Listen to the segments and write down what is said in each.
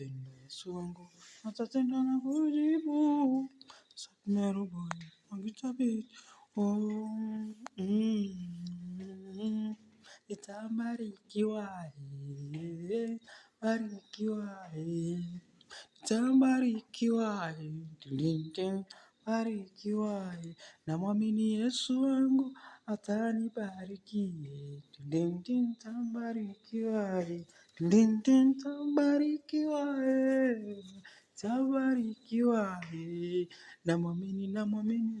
Upendo Yesu wangu atatenda na kujibu Meruboy wangitabiti oh, mm, itabarikiwa barikiwa itabarikiwa na namwamini Yesu wangu atanibariki. Dindin tabarikiwa, mwamini na mwamini Namwamini, mwamini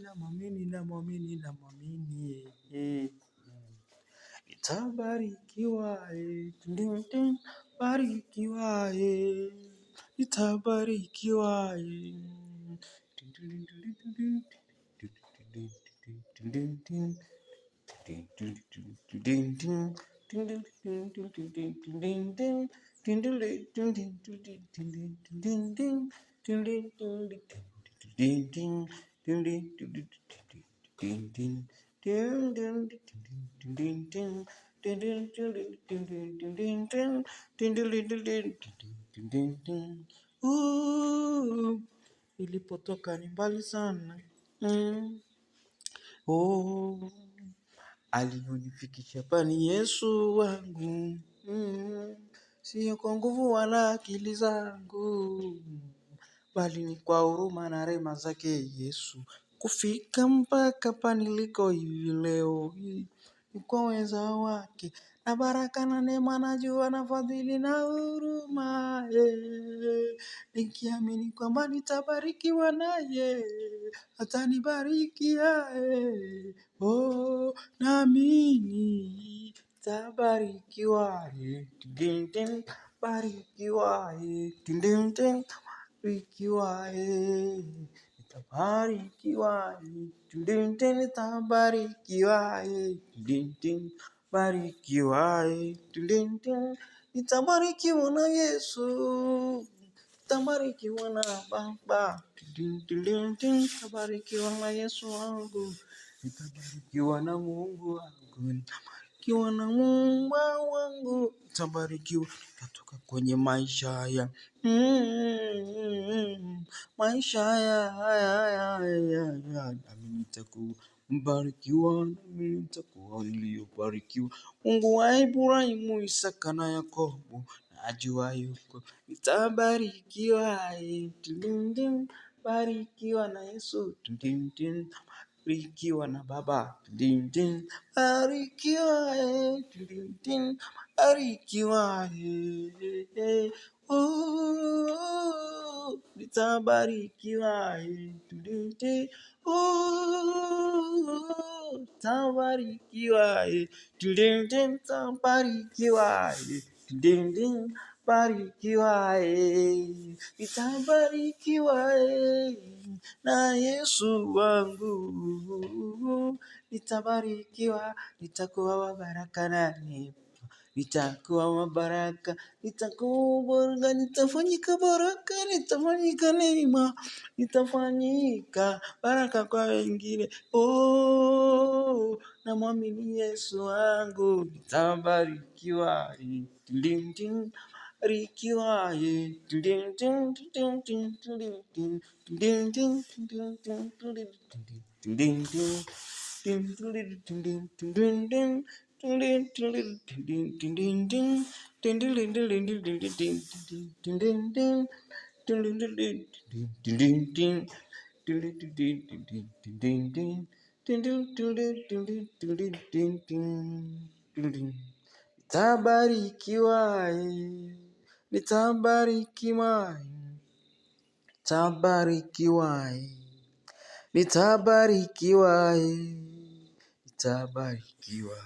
na mwamini na mwamini dindin barikiwa, nitabarikiwa. Ooh. Nilipotoka ni mbali sana mm. Oh, alionifikisha pani Yesu wangu mm. Sio kwa nguvu wala akili zangu, bali ni kwa huruma na rema zake Yesu, kufika mpaka pa niliko hivi leo hii kwa uweza wake na baraka na neema na jua na fadhili na huruma eh. Nikiamini kwamba nitabarikiwa naye atanibariki eh. Oh, naamini tabarikiwa eh. barikiwa eh. barikiwa nitabarikiwa, din din nitabarikiwa, din din barikiwa, nitabarikiwa na Yesu, nitabarikiwa na Baba, din din nitabarikiwa na Yesu wangu, nitabarikiwa na Mungu wangu, nitabarikiwa Nikiwa na Mungu wangu nitabarikiwa, katoka kwenye maisha haya mm maisha haya haya haya haya, nami nitakuwa mbarikiwa, nami nitakuwa niliyobarikiwa. Mungu wa Ibrahimu, Isaka na Yakobo najua yuko, nitabarikiwa. eh, barikiwa na Yesu tudum, barikiwa na baba Din, din, barikiwa eh, din, din, barikiwa eh, eh, nitabarikiwa eh, din, din, oh, eh, din, din, nitabarikiwa eh, din, din Barikiwa ee, nitabarikiwa eh. na Yesu wangu. Nitabarikiwa, nitakuwa wa baraka nani, nitakuwa wa baraka, nitakuwa baraka, nitafanyika baraka, nitafanyika neema, nitafanyika baraka kwa wengine. Oh, namwamini Yesu wangu, nitabarikiwa. Eh. ding, ding. Rikiwaye. Tabarikiwaye. nitabariki nitabarikiwa, nitabariki nitabarikiwa.